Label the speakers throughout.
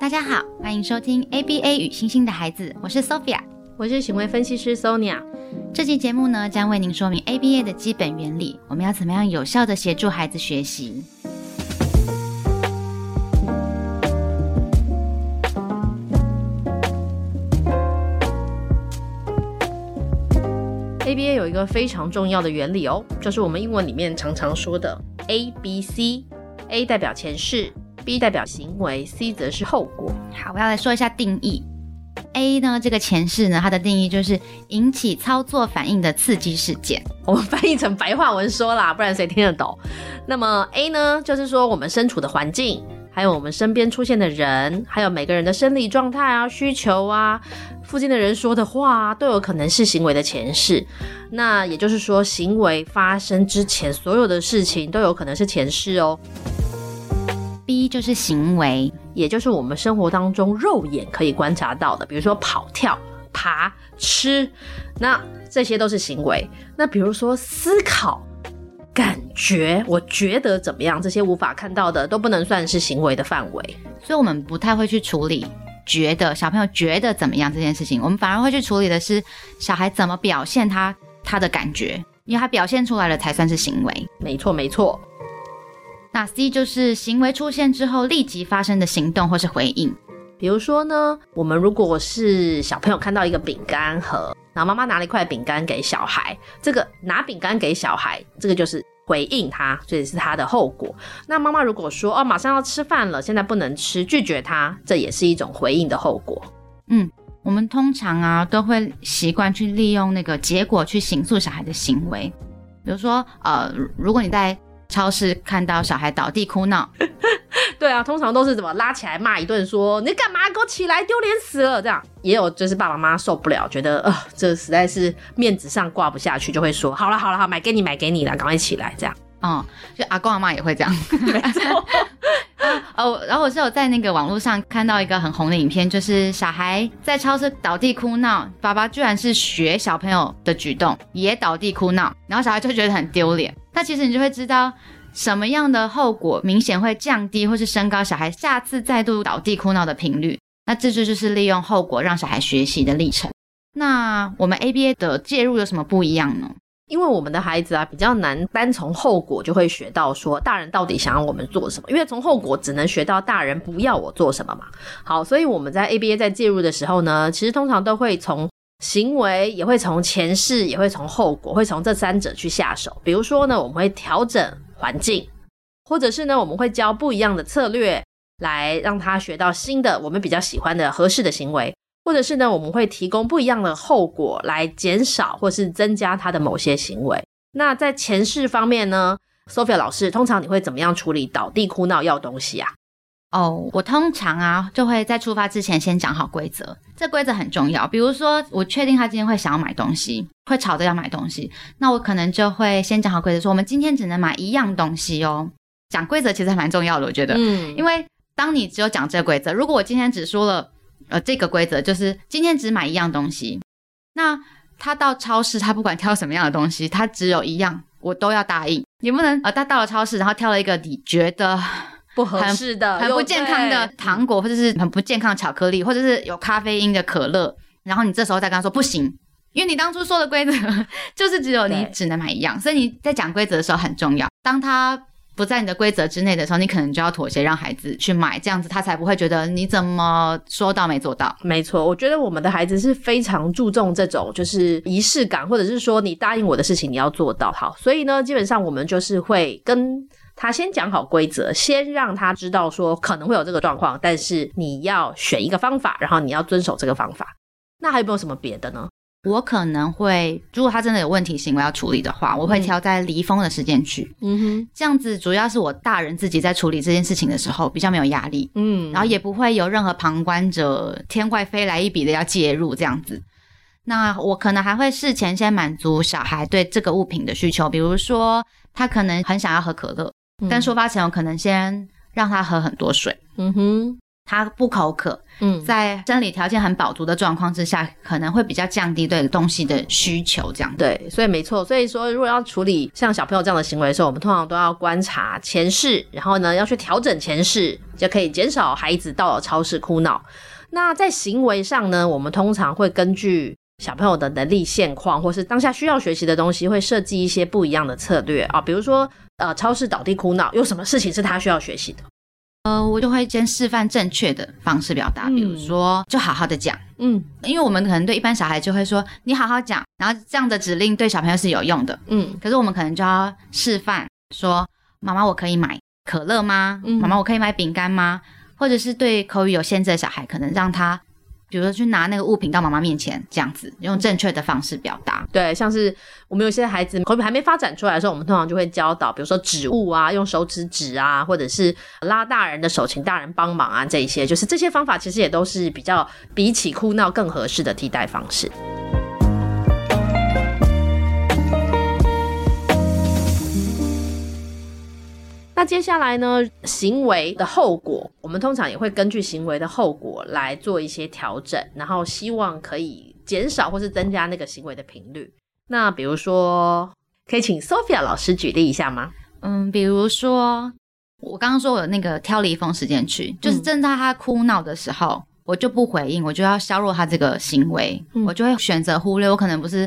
Speaker 1: 大家好，歡迎收聽 ABA 與星星的孩子，我是 Sophia。我是行為分析師 Sonia。這期節目呢，將為您說明 ABA 的基本原理，我們要怎麼樣有效地協助孩子學習。
Speaker 2: 有一個非常重要的原理哦，就是我們英文裡面常常說的 ABC, A B C，A 代表前事，B 代表行為，C 則是後果。好，
Speaker 1: 我要來說一下定義。A 呢，這個前事呢，它的定義就是引起操作反應的刺激事件。我們翻譯
Speaker 2: 成白話文說啦，不然誰聽得懂？那麼 A 呢，就是說我們身處的環境。還有我們身邊出現的人，還有每個人的生理狀態啊、需求啊，附近的人說的話，都有可能是行為的前事。那也就是說，行為發生之前所有的事情都有可能是前事哦、喔。B 就是行為，也就是我們生活當中肉眼可以觀察到的，比如說跑、跳、爬、吃，那這些都是行為。那比如說思考。感覺，我覺得怎麼樣？這些無法看到的都不能算
Speaker 1: 是行為的範圍，所以我們不太會去處理覺得小朋友覺得怎麼樣這件事情。我們反而會去處理的是小孩怎麼表現他他的感覺，因為他表現出來了才算是行為。沒錯，沒錯。那 C 就是行為出現
Speaker 2: 之後立即發生的行動或是回應。比如說呢，我們如果是小朋友看到一個餅乾盒，然後媽媽拿了一塊餅乾給小孩，這個拿餅乾給小孩，這個就是回應他，所以是他的後果。那媽媽如果說哦，馬上要吃飯了，現在不能吃，拒絕他，這也是一種回應的後果。
Speaker 1: 嗯，我們通常啊都會習慣去利用那個結果去形塑小孩的行為。比如說，呃，如果你在超市看到小孩倒地哭鬧。
Speaker 2: 對啊，通常都是怎麼拉起來罵一頓，說你幹嘛給我起來，丟臉死了這樣。也有就是爸爸媽受不了，覺得呃這實在是面子上掛不下去，就會說好了好了好，買給你買給你了，趕快起來這樣。啊、哦，就阿公阿媽也會這樣。 沒
Speaker 1: 錯哦。哦，然後我是有在那個網絡上看到一個很紅的影片，就是小孩在超市倒地哭鬧，爸爸居然是學小朋友的舉動也倒地哭鬧，然後小孩就會覺得很丟臉。那其實你就會知道。什麼樣的後果明顯會降低或是升高小孩下次再度倒地哭鬧的頻率？那這就就是利用後果讓小孩學習的歷程。那
Speaker 2: 我們 ABA 的介入有什麼不一樣呢？因為我們的孩子啊比較難單從後果就會學到說大人到底想要我們做什麼，因為從後果只能學到大人不要我做什麼嘛。好，所以我們在 ABA 在介入的時候呢，其實通常都會從行為，也會從前事，也會從後果，會從這三者去下手。比如說呢，我們會調整。環境，或者是呢，我們會教不一樣的策略來讓他學到新的，我們比較喜歡的合適的行為，或者是呢，我們會提供不一樣的後果來減少或是增加他的某些行為。那在前事方面呢，Sophia 老師，通常你會怎麼樣處理倒地哭鬧要的東西啊？
Speaker 1: 哦，我通常啊就會在出發之前先講好規則，這規則很重要。比如說，我確定他今天會想要買東西，會吵着要買東西，那我可能就會先講好規則，說我們今天只能買一樣東西哦。講規則其實蠻重要的，我覺得。嗯，因為當你只有講這個規則，如果我今天只說了呃這個規則，就是今天只買一樣東西，那他到超市他不管挑什麼樣的東西，他只有一樣，我都要答應。你不能？呃，他到了超市，然後挑了一個你覺得，不合適的，很、很不健康的糖果，或者是很不健康的巧克力，或者是有咖啡因的可樂，然後你這時候再跟他說不行，因為你當初說的規則就是只有你只能買一樣，所以你在講規則的時候很重要。當他不在你的規則之內的時候，你可能就要妥協，讓孩
Speaker 2: 子去買，這樣子他才不會覺得你怎麼說到沒做到。沒錯，我覺得我們的孩子是非常注重這種就是儀式感，或者是說你答應我的事情你要做到好。所以呢，基本上我們就是會跟。他先講好規則，先讓他知道說可能會有這個狀況，但是你要選一個方法，然後你要遵守這個方法。
Speaker 1: 那還有沒有什麼別的呢？
Speaker 2: 我可能會，如果他
Speaker 1: 真的有問題行為要處理的話，我會挑在離峰的時間去。嗯哼，這樣子主要是我大人自己在處理這件事情的時候比較沒有壓力，嗯，然後也不會有任何旁觀者天外飛來一筆的要介入這樣子。那我可能還會事前先滿足小孩對這個物品的需求，比如說他可能很想要喝可樂。嗯、但出發前，我可能先讓他喝很多水。嗯哼，他不口渴。嗯，在生理條件很飽足的狀況之下，
Speaker 2: 可能會比較降低對東西的需求。這樣對，所以沒錯。所以說，如果要處理像小朋友這樣的行為的時候，我們通常都要觀察前事，然後呢，要去調整前事，就可以減少孩子到了超市哭鬧。那在行為上呢，我們通常會根據。小朋友的能力現況，或是當下需要學習的東西，會設計一些不一樣的策略啊。比如說，呃，超市倒地哭鬧，有什麼事情是他需要學習的？呃，
Speaker 1: 我就會先示範正確的方式表達，比如說，就好好的講，嗯，因為我們可能對一般小孩就會說，嗯、你好好講，然後這樣的指令對小朋友是有用的，嗯。可是我們可能就要示範說，媽媽我可以買可樂嗎？媽媽我可以買餅乾嗎？嗯。或者是對口語有限制的小孩，可能讓他。比如說去拿那個物品到媽媽
Speaker 2: 面前，這樣子用正確的方式表達。對，像是我們有些孩子口語還沒發展出來的時候，我們通常就會教導，比如說指物啊，用手指指啊，或者是拉大人的手，請大人幫忙啊，這一些就是這些方法，其實也都是比較比起哭鬧更合適的替代方式。那接下來呢，行為的後果，我們通常也會根據行為的後果來做一些調整，然後希望可以減少或是增加那個行為的頻率。那比如說，可以請
Speaker 1: Sophia 老師舉例一下嗎？嗯，比如說，我剛剛說我有那個挑離峰時間去，就是正在他哭鬧的時候、嗯，我就不回應，我就要削弱他這個行為，嗯、我就會選擇忽略。我可能不是，然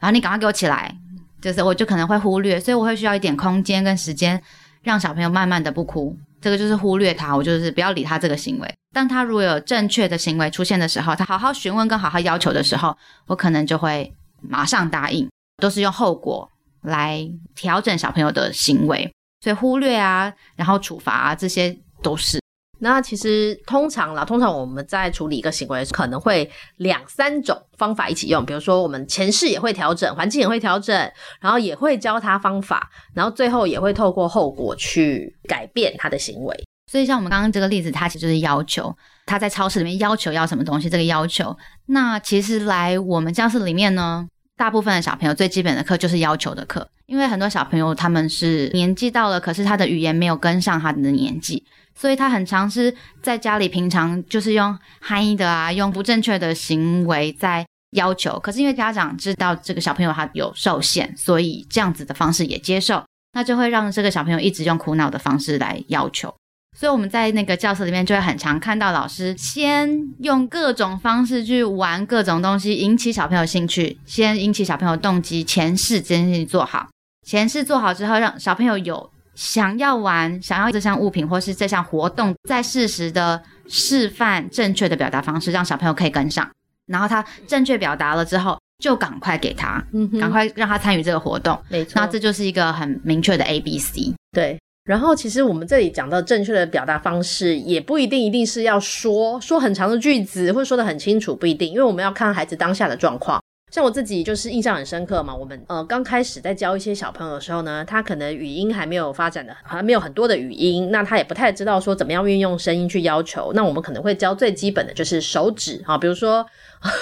Speaker 1: 後、啊、你趕快給我起來，就是我就可能會忽略，所以我會需要一點空間跟時間。讓小朋友慢慢的不哭，這個就是忽略他，我就是不要理他這個行為。當他如果有正確的行為出現的時候，他好好詢問跟好好要求的時候，我可能就會馬上答應。都是用後果來
Speaker 2: 調整小朋友的行為，所以忽略啊，然後處罰啊，這些都是。那其實通常啦，通常我們在處理一個行為，可能會兩三種方法一起用。比如說，我們前事也會調整，環境也會調整，然後也會教他方法，然後最後也會透過後果去改變他的行為。
Speaker 1: 所以，像我們剛剛這個例子，他其實就是要求，他在超市裡面要求要什麼東西，這個要求。那其實來我們教室裡面呢，大部分的小朋友最基本的課就是要求的課，因為很多小朋友他們是年紀到了，可是他的語言沒有跟上他的年紀。所以他很常是在家裡，平常就是用漢譯的啊，用不正確的行為在要求。可是因為家長知道這個小朋友他有受限，所以這樣子的方式也接受，那就會讓這個小朋友一直用苦惱的方式來要求。所以我們在那個教室裡面就會很常看到老師先用各種方式去玩各種東西，引起小朋友興趣，先引起小朋友動機，前事真心做好，前事做好之後，讓小朋友有。想要玩，想要這項物品或是這項活動，在適時的示範正確的表達方式，讓小朋友可以跟上。然後他正確表達了之後，就趕快給他，嗯，趕快讓他參與這個活動。沒錯，那這就
Speaker 2: 是一個很明確的 A B C。對。然後其實我們這裡講到正確的表達方式，也不一定一定是要說說很長的句子，或者說得很清楚，不一定，因為我們要看孩子當下的狀況。像我自己就是印象很深刻嘛，我們呃剛開始在教一些小朋友的時候呢，他可能語音還沒有發展的，還沒有很多的語音，那他也不太知道說怎麼樣運用聲音去要求。那我們可能會教最基本的就是手指啊，比如說呵呵，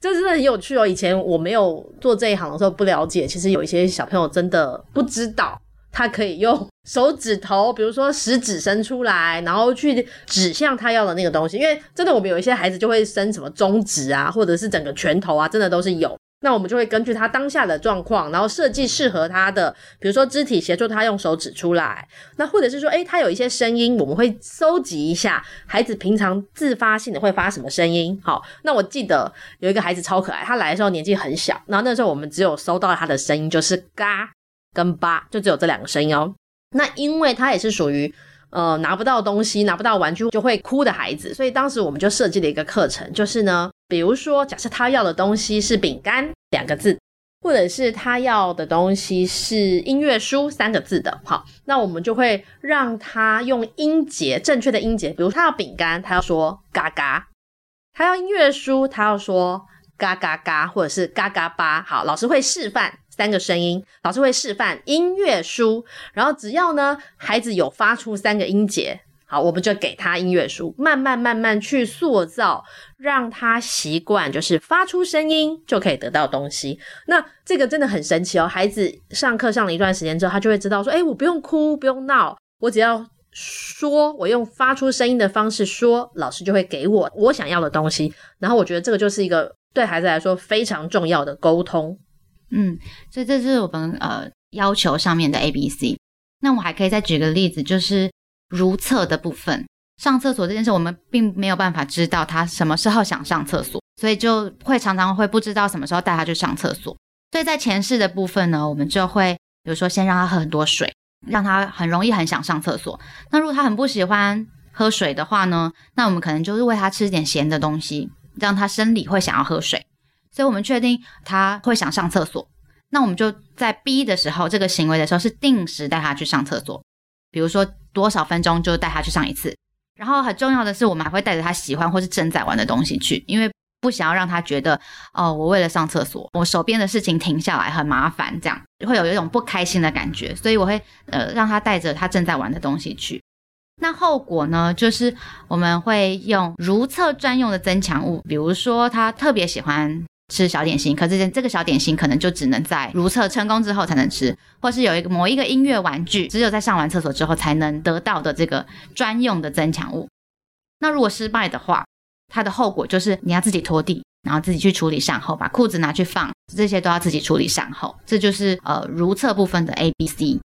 Speaker 2: 這真的很有趣哦。以前我沒有做這一行的時候不了解，其實有一些小朋友真的不知道。他可以用手指頭，比如說食指伸出來，然後去指向他要的那個東西，因為真的我們有一些孩子就會伸什麼中指啊，或者是整個拳頭啊，真的都是有。那我們就會根據他當下的狀況，然後設計適合他的，比如說肢體協助他用手指出來，那或者是說，誒，他有一些聲音，我們會蒐集一下孩子平常自發性的會發什麼聲音。好，那我記得有一個孩子超可愛，他來的時候年紀很小，然後那時候我們只有收到他的聲音就是嘎。跟巴就只有這兩個聲音哦。那因為他也是屬於呃拿不到東西、拿不到玩具就會哭的孩子，所以當時我們就設計了一個課程，就是呢，比如說假設他要的東西是餅乾兩個字，或者是他要的東西是音樂書三個字的，好，那我們就會讓他用音節正確的音節，比如他要餅乾，他要說嘎嘎，他要音樂書，他要說嘎嘎嘎，或者是嘎嘎巴。好，老師會示範。三個聲音，老師會示範音樂書，然後只要呢，孩子有發出三個音節，好，我們就給他音樂書，慢慢慢慢去塑造，讓他習慣，就是發出聲音就可以得到東西。那這個真的很神奇哦！孩子上課上了一段時間之後，他就會知道說，誒、欸，我不用哭，不用鬧，我只要說，我用發出聲音的方式說，老師就會給我我想要的東西。然後我覺得這個就是一個對孩子來說非常重要的溝通。嗯，所以這是我們呃要
Speaker 1: 求上面的 A、B、C。那我還可以再舉個例子，就是如廁的部分。上廁所這件事，我們並沒有辦法知道他什麼時候想上廁所，所以就會常常會不知道什麼時候帶他去上廁所。所以在前事的部分呢，我們就會比如說先讓他喝很多水，讓他很容易很想上廁所。那如果他很不喜歡喝水的話呢，那我們可能就是餵他吃點鹹的東西，讓他生理會想要喝水。所以我們確定他會想上廁所，那我們就在逼的時候，這個行為的時候是定時帶他去上廁所，比如說多少分鐘就帶他去上一次。然後很重要的是，我們還會帶着他喜歡或是正在玩的東西去，因為不想要讓他覺得哦，我為了上廁所，我手邊的事情停下來很麻煩，這樣會有有一種不開心的感覺。所以我會呃讓他帶着他正在玩的東西去。那後果呢，就是我們會用如廁專用的增強物，比如說他特別喜歡。吃小點心，可這些這個小點心可能就只能在如廁成功之後才能吃，或是有一個某一個音樂玩具，只有在上完廁所之後才能得到的這個專用的增強物。那如果失敗的話，它的後果就是你要自己拖地，然後自己去處理善後，把褲子拿去放，這些都要自己處理善後。這就是呃如廁部分的 ABC。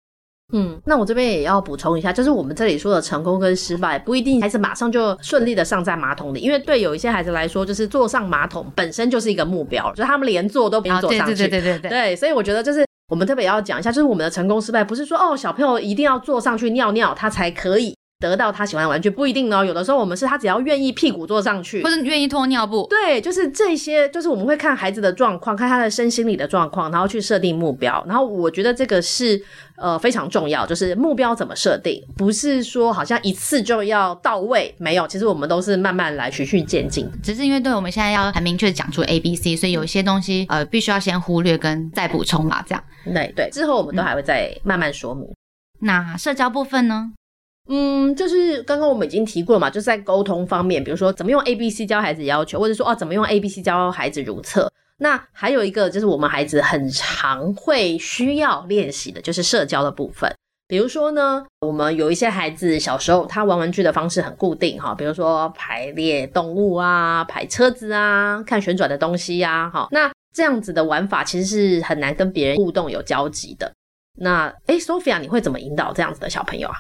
Speaker 2: 嗯，那我這邊也要補充一下，就是我們這裡說的成功跟失敗不一定，孩子馬上就順利的上在馬桶裡，因為對有一些孩子來說，就是坐上馬桶本身就是一個目標，就是他們連坐都不要坐上去。哦。對對對對對對。所以我覺得就是我們特別要講一下，就是我們的成功失敗不是說哦，小朋友一定要坐上去尿尿他才可以。得到他喜歡的玩具不一定哦。有的時候我們是他只要願意屁股坐上去，或者願意脫尿布，對，就是這些，就是我們會看孩子的狀況，看他的身心理的狀況，然後去設定目標。然後我覺得這個是呃非常重要，就是目標怎麼設定，不是說好像一次就要到位，沒有，其實我們都是慢慢來，循序漸進。只是因為對我們現在要很明確講出 A B
Speaker 1: C，所以有一些東西呃必須要先忽略跟再補充嘛，這樣。
Speaker 2: 對對，之後我們都還會再慢慢說明。嗯、那社交部分呢？嗯，就是剛剛我們已經提過了嘛，就是在溝通方面，比如說怎麼用 ABC 教孩子要求，或者說哦，怎麼用 ABC 教孩子如廁。那還有一個就是我們孩子很常會需要練習的，就是社交的部分。比如說呢，我們有一些孩子小時候他玩玩具的方式很固定哈，比如說排列動物啊、排車子啊、看旋轉的東西呀，好，那這樣子的玩法其實是很難跟別人互動有交集的。那哎，Sophia，你會怎麼引導這樣子的小朋友啊？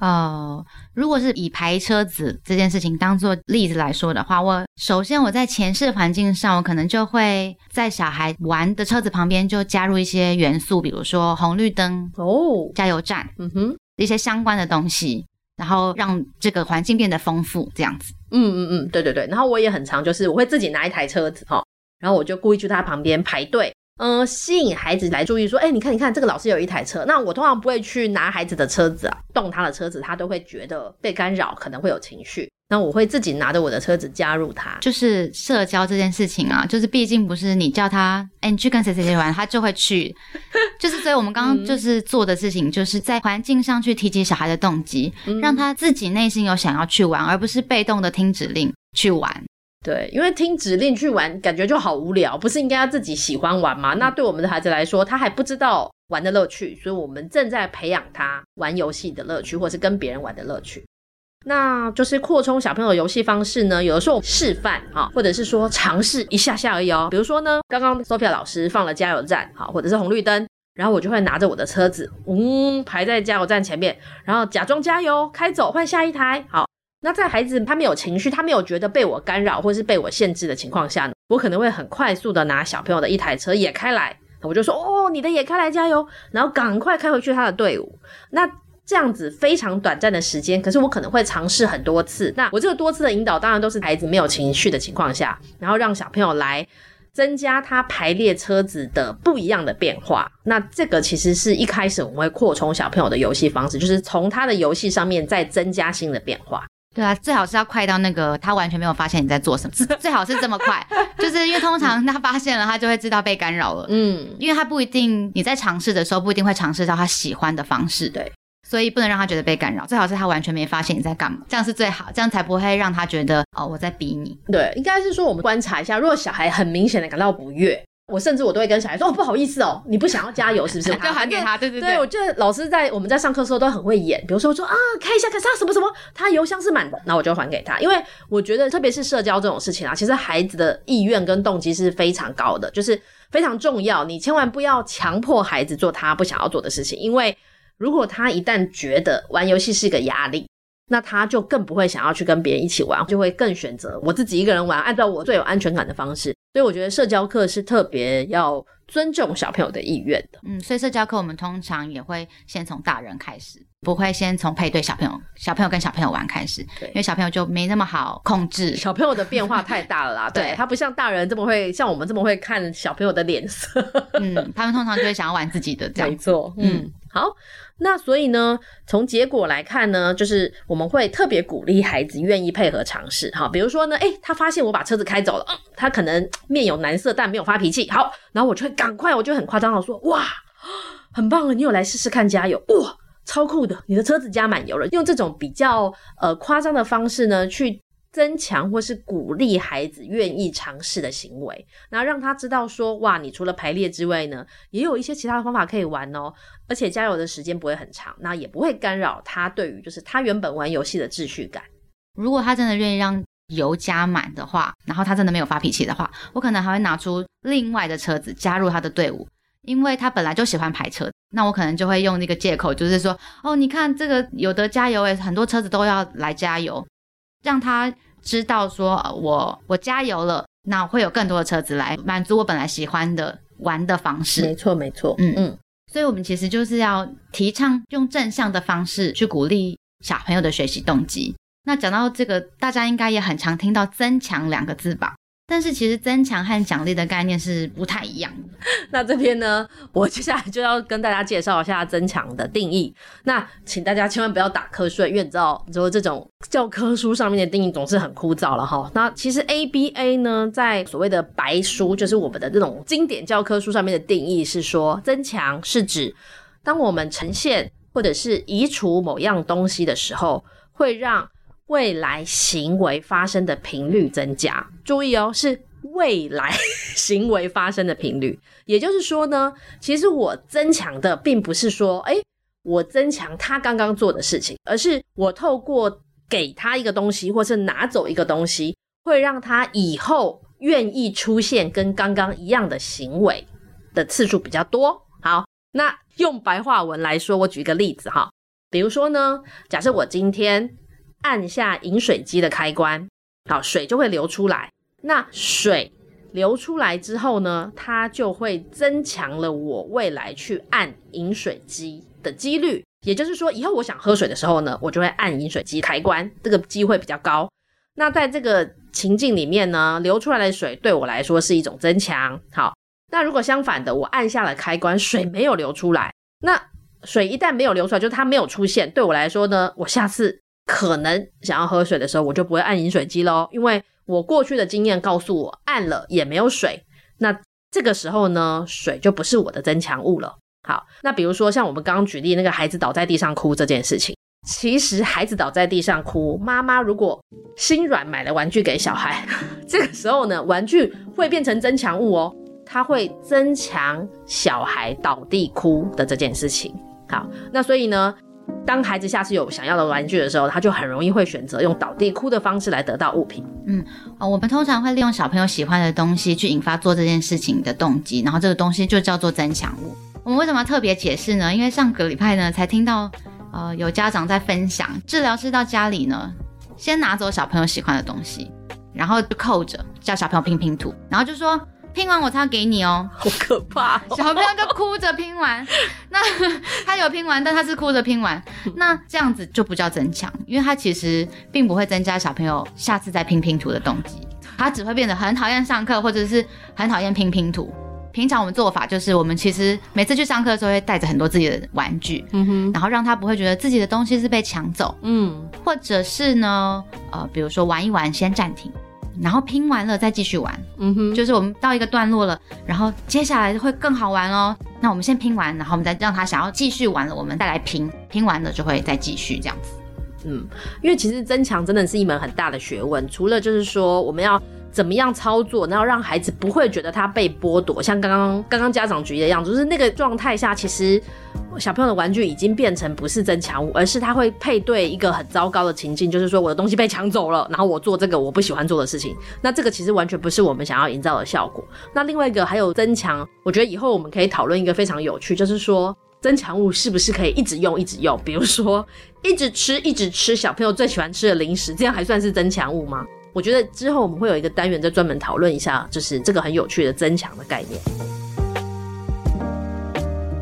Speaker 1: 呃，如果是以排車子這件事情當做例子來說的話，我首先我在前置環境上，我可能就會在小孩玩的車子旁邊就加入一些元素，比如說紅綠燈、哦，加油站，嗯哼，一些相關的東西，然後讓這個環境變
Speaker 2: 得豐富，這樣子。嗯嗯嗯，對對對。然後我也很常就是我會自己拿一台車子哈，然後我就故意去他旁邊排隊。嗯，吸引孩子來注意，說，哎、欸，你看，你看，這個老師有一台車，那我通常不會去拿孩子的車子啊，動他的車子，他都會覺得被干擾，可能會有情緒。那我會自己拿着我的車子加入
Speaker 1: 他，就是社交這件事情啊，就是畢竟不是你叫他，哎、欸，你去跟誰誰誰玩，他就會去，就是所以我們剛剛就是做的事情，就是在環境上去提起小孩的動機，讓他自己內心有想要去玩，而不是被動的聽指令去玩。
Speaker 2: 對，因為聽指令去玩，感覺就好無聊，不是應該要自己喜歡玩嗎？那對我們的孩子來說，他還不知道玩的樂趣，所以我們正在培養他玩遊戲的樂趣，或是跟別人玩的樂趣。那就是擴充小朋友的遊戲方式呢，有的時候示範哈，或者是說嘗試一下下而已哦。比如說呢，剛剛 Sophia 老師放了加油站哈，或者是紅綠燈，然後我就會拿着我的車子，嗯，排在加油站前面，然後假裝加油開走，換下一台，好。那在孩子他沒有情緒，他沒有覺得被我干擾或是被我限制的情況下呢，我可能會很快速的拿小朋友的一台車也開來，我就說哦，你的也開來加油，然後趕快開回去他的隊伍。那這樣子非常短暫的時間，可是我可能會嘗試很多次。那我這個多次的引導，當然都是孩子沒有情緒的情況下，然後讓小朋友來增加他排列車子的不一樣的變化。那這個其實是一開始我們會擴充小朋友的遊戲方式，就是從他的遊戲上面再增加新的變化。對啊，最好
Speaker 1: 是要快到那個他完全沒有發現你在做什麼，最好是這麼快， 就是因為通常他發現了，他就會知道被干擾了。嗯，因為他不一定，你在嘗試的時候不一定會嘗試到他喜歡的方式，對，所以不能讓他覺得被干擾。最好是他完全沒發現你在幹嘛，這樣是最好，
Speaker 2: 這樣才不會讓他覺得哦，我在逼你。對，應該是說我們觀察一下，如果小孩很明顯的感到不悅。我甚至我都會跟小孩說哦，不好意思哦，你不想要加油是不是？我 就還給他，對，對對對。我覺得老師在我們在上課的時候都很會演，比如說我說啊，開一下看上什麼什麼，他油箱是滿的，那我就還給他。因為我覺得特別是社交這種事情啊，其實孩子的意願跟動機是非常高的，就是非常重要。你千萬不要強迫孩子做他不想要做的事情，因為如果他一旦覺得玩遊戲是個壓力，那他就更不會想要去跟別人一起玩，就會更選擇我自己一個人玩，按照我最有安全感的方式。所以我覺得社交課是特別要。尊重小朋友的意願的，
Speaker 1: 嗯，所以社交課我們通常也會先從大人開始，不會先從配對小朋友、小朋友跟小朋友玩開始，對，因為小朋友就沒那麼好控制。小朋友的變化太大了啦， 對，對他不像大人這麼會，像我們
Speaker 2: 這麼會看小朋友的臉色，嗯，他們通常就會想要玩自己的這樣。沒錯，嗯，好，那所以呢，從結果來看呢，就是我們會特別鼓勵孩子願意配合嘗試，哈，比如說呢，哎、欸，他發現我把車子開走了，嗯，他可能面有難色，但沒有發脾氣，好，然後我穿。趕快，我就我覺得很誇張，我說哇，很棒啊！你有來試試看，加油哇，超酷的！你的車子加滿油了。用這種比較呃誇張的方式呢，去增強或是鼓勵孩子願意嘗試的行為，那讓他知道說哇，你除了排列之外呢，也有一些其他的方法可以玩哦。而且加油的時間不會很長，那也不會干擾他對於就是他原本玩遊戲的秩序感。
Speaker 1: 如果他真的願意讓。油加滿的話，然後他真的沒有發脾氣的話，我可能還會拿出另外的車子加入他的隊伍，因為他本來就喜歡排車。那我可能就會用那個借口，就是說，哦，你看這個有得加油誒，很多車子都要來加油，讓他知道說，哦、我我加油了，那我會有更多的車子來滿足我本來喜歡的玩的方式。沒
Speaker 2: 錯沒錯，嗯嗯，
Speaker 1: 所以我們其實就是要提倡用正向的方式去鼓勵小朋友的學習動機。那講到這個，大家應該也很常聽到“增強”兩個字吧？但是其實“增強”和“獎勵”的
Speaker 2: 概念是不太一樣。 那這邊呢，我接下來就要跟大家介紹一下“增強”的定義。那請大家千萬不要打瞌睡，因為你知道，就這種教科書上面的定義總是很枯燥了哈。那其實 ABA 呢，在所謂的“白書”，就是我們的這種經典教科書上面的定義是說，增強是指當我們呈現或者是移除某樣東西的時候，會讓未來行為發生的頻率增加，注意哦，是未來行為發生的頻率。也就是說呢，其實我增強的並不是說，誒，我增強他剛剛做的事情，而是我透過給他一個東西，或是拿走一個東西，會讓他以後願意出現跟剛剛一樣的行為的次數比較多。好，那用白話文來說，我舉一個例子哈，比如說呢，假設我今天。按下飲水機的開關，好，水就會流出來。那水流出來之後呢，它就會增強了我未來去按飲水機的幾率。也就是說，以後我想喝水的時候呢，我就會按飲水機開關，這個機會比較高。那在這個情境裡面呢，流出來的水對我來說是一種增強。好，那如果相反的，我按下了開關，水沒有流出來，那水一旦沒有流出來，就是它沒有出現，對我來說呢，我下次。可能想要喝水的時候，我就不會按飲水機咯，因為我過去的經驗告訴我，按了也沒有水。那這個時候呢，水就不是我的增強物了。好，那比如說像我們剛剛舉例那個孩子倒在地上哭這件事情，其實孩子倒在地上哭，媽媽如果心軟買了玩具給小孩，這個時候呢，玩具會變成增強物哦，它會增強小孩倒地哭的這件事情。好，那所以呢，當孩子下次有想要的玩具的時候，他就很容易會選擇用倒地哭的方式來得到物品。嗯，
Speaker 1: 啊、哦，我們通常會利用小朋友喜歡的東西去引發做這件事情的動機，然後這個東西就叫做增強物。我們為什麼要特別解釋呢？因為上個禮拜呢，才聽到，呃，有家長在分享，治療師到家裡呢，先拿走小朋友喜歡的東西，然後就扣着，叫小朋友拼拼圖，然後就說。拼完我才要給你哦，好可怕！小朋友就哭着拼完，那他有拼完，但他是哭着拼完。那這樣子就不叫增強，因為他其實並不會增加小朋友下次再拼拼圖的動機，他只會變得很討厭上課，或者是很討厭拼，拼拼圖。平常我們做法就是，我們其實每次去上課的時候會帶着很多自己的玩具，然後讓他不會覺得自己的東西是被搶走，嗯，或者是呢，呃，比如說玩一玩先暫停。然後拼完了再繼續玩，嗯哼，就是我們到一個段落了，然後接下來會更好玩哦。那我們先拼完，然後我們再讓他想要繼續玩
Speaker 2: 了，我們再來拼，拼完了就會再繼續這樣子，嗯，因為其實增強真的是一門很大的學問，除了就是說我們要。怎麼樣操作，然後讓孩子不會覺得他被剝奪？像剛剛剛剛家長局的樣子，就是那個狀態下，其實小朋友的玩具已經變成不是增強物，而是他會配對一個很糟糕的情境，就是說我的東西被搶走了，然後我做這個我不喜歡做的事情。那這個其實完全不是我們想要營造的效果。那另外一個還有增強，我覺得以後我們可以討論一個非常有趣，就是說增強物是不是可以一直用一直用？比如說一直吃一直吃小朋友最喜歡吃的零食，這樣還算是增強物嗎？我覺得之後我們會有一個單元再專門討論一下，就是這個很有趣的增強的概念。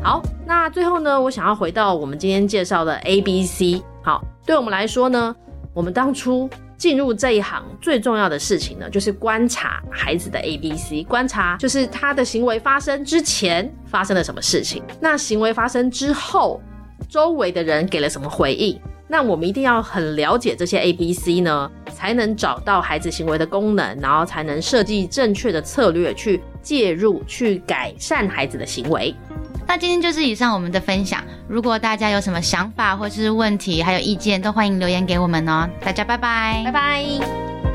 Speaker 2: 好，那最後呢，我想要回到我們今天介紹的 ABC。好，對我們來說呢，我們當初進入這一行最重要的事情呢，就是觀察孩子的 ABC，觀察就是他的行為發生之前發生了什麼事情，那行為發生之後，周圍的人給了什麼回應。那我們一定要很了解這些 ABC 呢，才能找到孩子行為的功能，然後才能設計正確的策略去介入，去改善孩子的行為。那今天就是以上我們的分享，如
Speaker 1: 果大家有什麼想法或是問題，還有意見，都歡迎留言給我們哦、喔。大家拜拜，
Speaker 2: 拜拜。